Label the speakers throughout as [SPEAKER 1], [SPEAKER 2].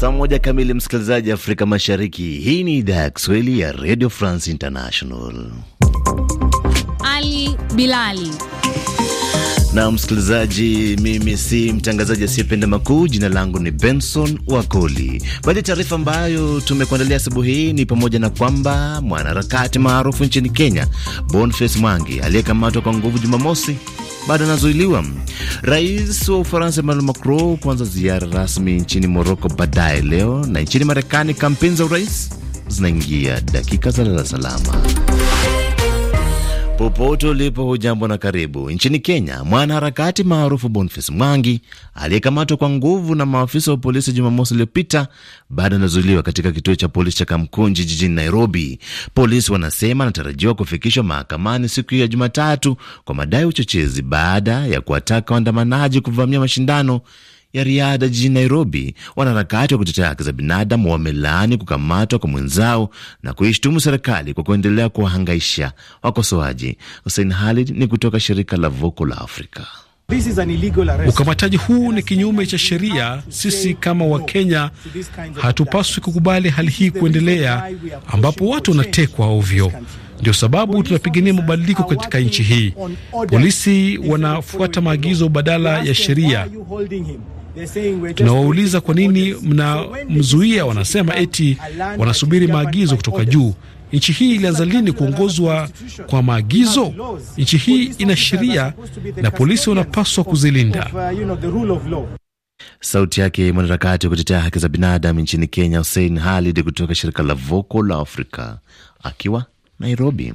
[SPEAKER 1] Saa moja kamili, msikilizaji Afrika Mashariki. Hii ni idhaa ya Kiswahili ya Radio France International. Ali Bilali na msikilizaji, mimi si mtangazaji asiyependa makuu. Jina langu ni Benson Wakoli. Baadhi ya taarifa ambayo tumekuandalia asubuhi hii ni pamoja na kwamba mwanaharakati maarufu nchini Kenya Boniface Mwangi aliyekamatwa kwa nguvu Jumamosi bado anazuiliwa. Rais wa Ufaransa Emmanuel Macron kuanza ziara rasmi nchini Moroko baadaye leo, na nchini Marekani kampeni za urais zinaingia dakika za lala salama. Popote ulipo, hujambo na karibu. Nchini Kenya, mwanaharakati maarufu Boniface Mwangi aliyekamatwa kwa nguvu na maafisa wa polisi Jumamosi iliyopita bado anazuiliwa katika kituo cha polisi cha Kamkunji jijini Nairobi. Polisi wanasema anatarajiwa kufikishwa mahakamani siku ya Jumatatu kwa madai ya uchochezi baada ya kuwataka waandamanaji kuvamia mashindano ya riadha jijini Nairobi, wanaharakati wa kutetea haki za binadamu wamelaani kukamatwa kwa mwenzao na kuishtumu serikali kwa kuendelea kuwahangaisha wakosoaji. Hussein Khalid ni kutoka shirika la Voko la Afrika. Ukamataji huu ni kinyume cha sheria.
[SPEAKER 2] Sisi kama Wakenya hatupaswi kukubali hali hii kuendelea, ambapo watu wanatekwa ovyo. Ndio sababu tunapigania mabadiliko katika nchi hii. Polisi wanafuata maagizo badala ya sheria.
[SPEAKER 3] Tunawauliza
[SPEAKER 2] kwa nini mnamzuia, wanasema eti wanasubiri maagizo kutoka juu. Nchi hii ilianza lini kuongozwa kwa maagizo? Nchi hii ina sheria
[SPEAKER 1] na polisi wanapaswa kuzilinda. Sauti yake mwanaharakati wa kutetea haki za binadamu nchini Kenya, Hussein Halid kutoka shirika la voko la Afrika akiwa Nairobi.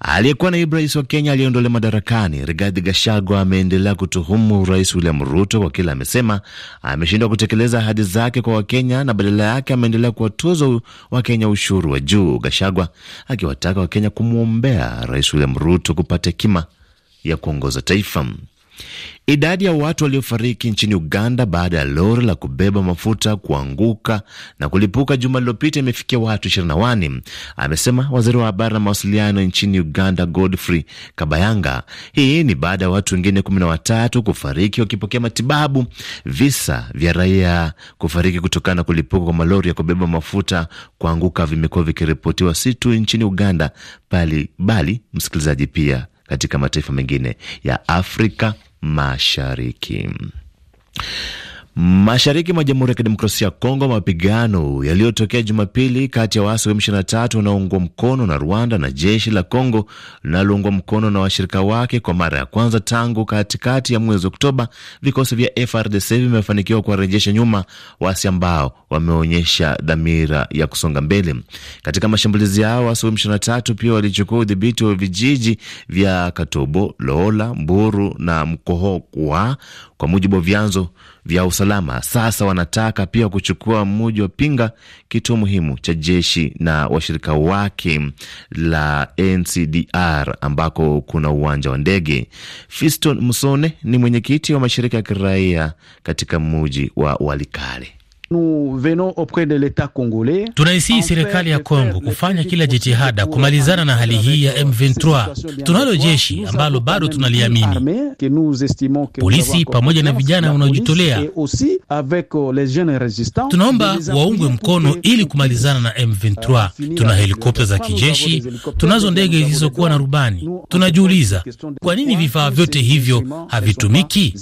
[SPEAKER 1] Aliyekuwa naibu rais wa Kenya aliyeondolewa madarakani Rigathi Gachagua ameendelea kutuhumu Rais William Ruto kwa kile amesema ameshindwa kutekeleza ahadi zake kwa Wakenya na badala yake ameendelea kuwatoza Wakenya ushuru wa juu, Gachagua akiwataka Wakenya kumwombea Rais William Ruto kupata hekima ya kuongoza taifa. Idadi ya watu waliofariki nchini Uganda baada ya lori la kubeba mafuta kuanguka na kulipuka juma lililopita imefikia watu 21, amesema waziri wa habari na mawasiliano nchini Uganda, Godfrey Kabayanga. Hii ni baada ya watu wengine 13 kufariki wakipokea matibabu, visa vya raia kufariki kutokana na kulipuka kwa malori ya kubeba mafuta kuanguka vimekuwa vikiripotiwa si tu nchini Uganda bali, bali msikilizaji, pia katika mataifa mengine ya Afrika Mashariki. Mashariki mwa Jamhuri ya Kidemokrasia ya Kongo, mapigano yaliyotokea Jumapili kati ya waasi wa M23 wanaoungwa mkono na Rwanda na jeshi la Kongo linaloungwa mkono na washirika wake kwa mara ya kwanza tangu katikati ya mwezi Oktoba, vikosi vya FRDC vimefanikiwa kuwarejesha nyuma waasi ambao wameonyesha dhamira ya kusonga mbele. Katika mashambulizi yao, waasi wa M23 pia walichukua udhibiti wa vijiji vya Katobo, Loola, Mburu na mkohokwa kwa mujibu wa vyanzo vya usalama. Sasa wanataka pia kuchukua mji wa Pinga, kituo muhimu cha jeshi na washirika wake la NCDR ambako kuna uwanja wa ndege. Fiston Musone ni mwenyekiti wa mashirika ya kiraia katika mji wa Walikale.
[SPEAKER 2] Tunaisihi serikali ya Kongo
[SPEAKER 4] kufanya kila jitihada kumalizana na hali hii ya M23. Tunalo jeshi ambalo bado
[SPEAKER 2] tunaliamini, polisi pamoja na vijana wanaojitolea. Euh, Tunaomba waungwe mkono
[SPEAKER 4] ili kumalizana na euh, M23. Tuna
[SPEAKER 1] helikopta za kijeshi,
[SPEAKER 4] tunazo ndege zisizokuwa na rubani. Tunajiuliza kwa nini vifaa vyote hivyo havitumiki.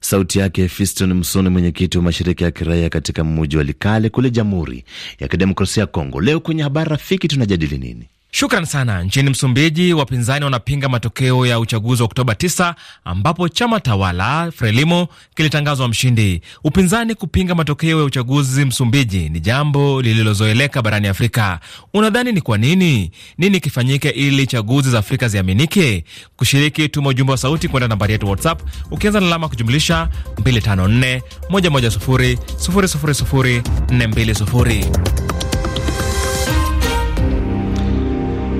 [SPEAKER 1] Sauti yake Fiston Msoni, mwenyekiti wa mashirika ya kiraia katika mji wa Likale kule Jamhuri ya Kidemokrasia ya Kongo. Leo kwenye Habari Rafiki tunajadili nini?
[SPEAKER 3] Shukran sana. Nchini Msumbiji, wapinzani wanapinga matokeo ya uchaguzi wa Oktoba 9 ambapo chama tawala Frelimo kilitangazwa mshindi. Upinzani kupinga matokeo ya uchaguzi Msumbiji ni jambo lililozoeleka barani Afrika. Unadhani ni kwa nini? Nini kifanyike ili chaguzi za Afrika ziaminike? Kushiriki, tuma ujumbe wa sauti kwenda nambari yetu WhatsApp ukianza na alama kujumlisha 254 110 000 420.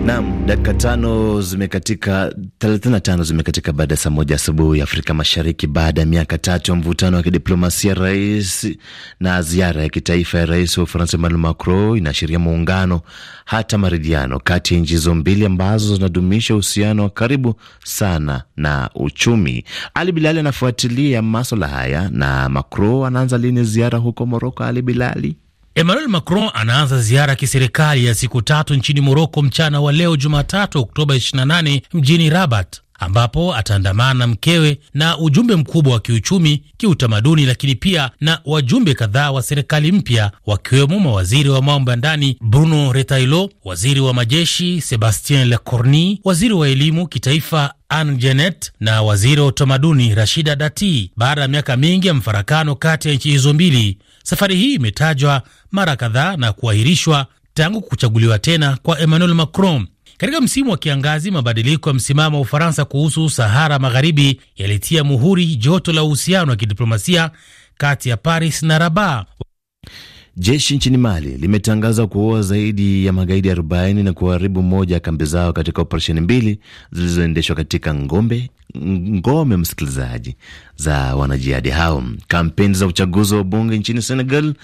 [SPEAKER 1] Nam, dakika tano zimekatika, 35 zimekatika baada ya saa moja asubuhi Afrika Mashariki, baada ya miaka tatu ya mvutano wa kidiplomasia rais na ziara ya kitaifa ya rais wa Ufaransa Emmanuel Macron inaashiria muungano hata maridhiano kati ya nchi hizo mbili ambazo zinadumisha uhusiano wa karibu sana na uchumi. Ali Bilali anafuatilia maswala haya na Macron anaanza lini ziara huko Moroko? Ali Bilali.
[SPEAKER 4] Emmanuel Macron anaanza ziara ya kiserikali ya siku tatu nchini Moroko mchana wa leo Jumatatu, Oktoba 28 mjini Rabat, ambapo ataandamana na mkewe na ujumbe mkubwa wa kiuchumi, kiutamaduni, lakini pia na wajumbe kadhaa wa serikali mpya, wakiwemo mawaziri wa mambo ya ndani Bruno retailo waziri wa majeshi Sebastien Lecornu, waziri wa elimu kitaifa Anne Genet na waziri wa utamaduni Rashida Dati, baada ya miaka mingi ya mfarakano kati ya nchi hizo mbili Safari hii imetajwa mara kadhaa na kuahirishwa tangu kuchaguliwa tena kwa Emmanuel Macron. Katika msimu wa kiangazi, mabadiliko ya msimamo wa Ufaransa kuhusu Sahara Magharibi yalitia muhuri joto la uhusiano wa kidiplomasia kati ya Paris na Rabat.
[SPEAKER 1] Jeshi nchini Mali limetangaza kuua zaidi ya magaidi 40 na kuharibu moja ya kambi zao katika operesheni mbili zilizoendeshwa katika ngombe ngome msikilizaji za wanajihadi hao. Kampeni za uchaguzi wa bunge nchini Senegal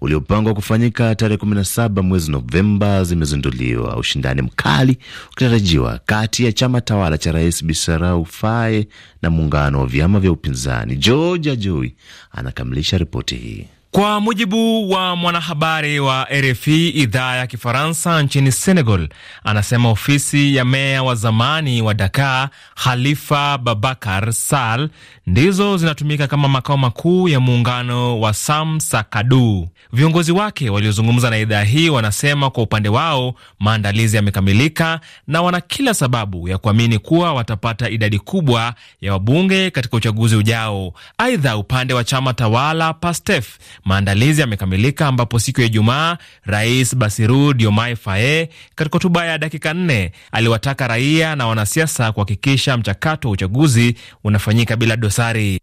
[SPEAKER 1] uliopangwa kufanyika tarehe 17 mwezi Novemba zimezinduliwa, ushindani mkali ukitarajiwa kati ya chama tawala cha Rais Bisarau Faye na muungano wa vyama vya upinzani. Georgia joi anakamilisha ripoti hii.
[SPEAKER 3] Kwa mujibu wa mwanahabari wa RFI idhaa ya Kifaransa nchini Senegal, anasema ofisi ya meya wa zamani wa Dakar Khalifa Babakar sal ndizo zinatumika kama makao makuu ya muungano wa Sam Sakadu. Viongozi wake waliozungumza na idhaa hii wanasema kwa upande wao maandalizi yamekamilika na wana kila sababu ya kuamini kuwa watapata idadi kubwa ya wabunge katika uchaguzi ujao. Aidha, upande wa chama tawala Pastef Maandalizi yamekamilika ambapo siku ya Ijumaa Rais basiru Diomaye Faye katika hotuba ya dakika nne aliwataka raia na wanasiasa kuhakikisha mchakato wa uchaguzi unafanyika bila dosari.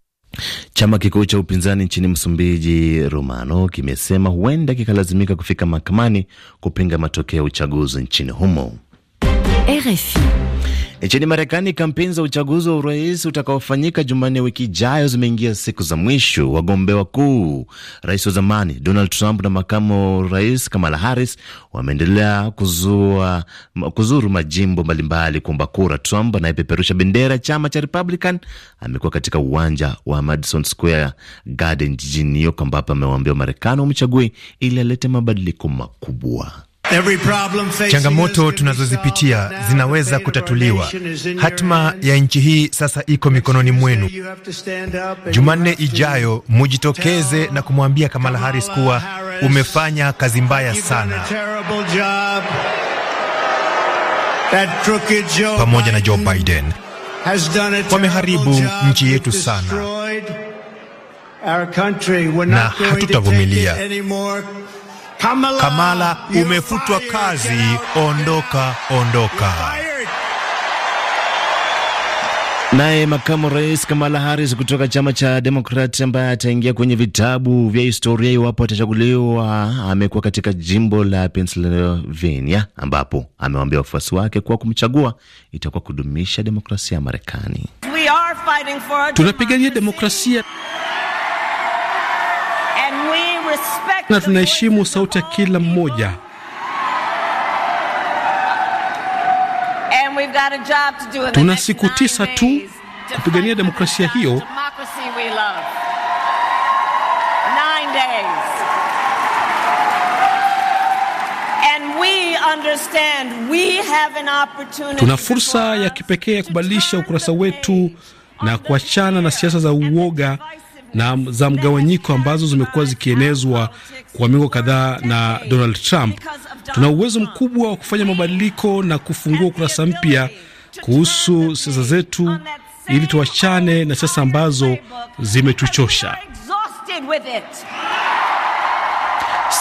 [SPEAKER 1] Chama kikuu cha upinzani nchini Msumbiji, romano kimesema huenda kikalazimika kufika mahakamani kupinga matokeo ya uchaguzi nchini humo. RFI. Nchini Marekani, kampeni za uchaguzi wa urais utakaofanyika Jumanne wiki ijayo zimeingia siku za mwisho. Wagombea wakuu, rais wa zamani Donald Trump na makamu rais Kamala Harris wameendelea kuzuru majimbo mbalimbali kuomba kura. Trump anayepeperusha bendera ya chama cha Republican amekuwa katika uwanja wa Madison Square Garden jijini New York ambapo amewaambia Wamarekani wamchague ili alete mabadiliko makubwa. Changamoto tunazozipitia zinaweza kutatuliwa. Hatma ya nchi hii sasa iko mikononi mwenu. Jumanne ijayo mujitokeze na kumwambia Kamala Harris kuwa umefanya kazi mbaya sana,
[SPEAKER 3] pamoja na Joe Biden wameharibu nchi yetu sana,
[SPEAKER 1] na hatutavumilia Kamala, Kamala umefutwa kazi, ondoka ondoka. Naye makamu rais Kamala Harris kutoka chama cha demokrati ambaye ataingia kwenye vitabu vya historia iwapo atachaguliwa, amekuwa katika jimbo la Pennsylvania ambapo amewaambia wafuasi wake kuwa kumchagua itakuwa kudumisha demokrasia ya Marekani. Tunapigania demokrasia And we respect na
[SPEAKER 2] tunaheshimu sauti ya kila mmoja.
[SPEAKER 1] Tuna siku tisa tu
[SPEAKER 2] kupigania demokrasia hiyo. Tuna fursa ya kipekee ya kubadilisha ukurasa wetu na kuachana na siasa za uoga na za mgawanyiko ambazo zimekuwa zikienezwa kwa miongo kadhaa na Donald Trump, tuna uwezo mkubwa wa kufanya mabadiliko na kufungua ukurasa mpya kuhusu siasa zetu
[SPEAKER 1] ili tuachane na siasa ambazo zimetuchosha.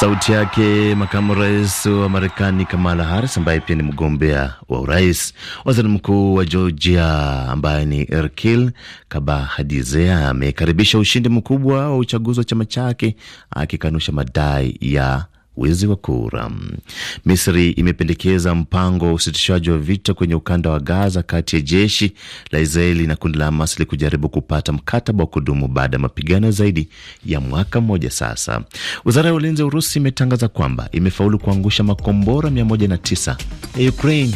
[SPEAKER 1] Sauti yake makamu rais wa Marekani Kamala Harris, ambaye pia ni mgombea wa urais. Waziri mkuu wa Georgia ambaye ni Erkil Kabahadize amekaribisha ushindi mkubwa wa uchaguzi wa chama chake, akikanusha madai ya wizi wa kura. Misri imependekeza mpango wa usitishaji wa vita kwenye ukanda wa Gaza kati ya jeshi la Israeli na kundi la Hamas ili kujaribu kupata mkataba wa kudumu baada ya mapigano zaidi ya mwaka mmoja sasa. Wizara ya ulinzi ya Urusi imetangaza kwamba imefaulu kuangusha makombora
[SPEAKER 3] 109 ya Ukraine.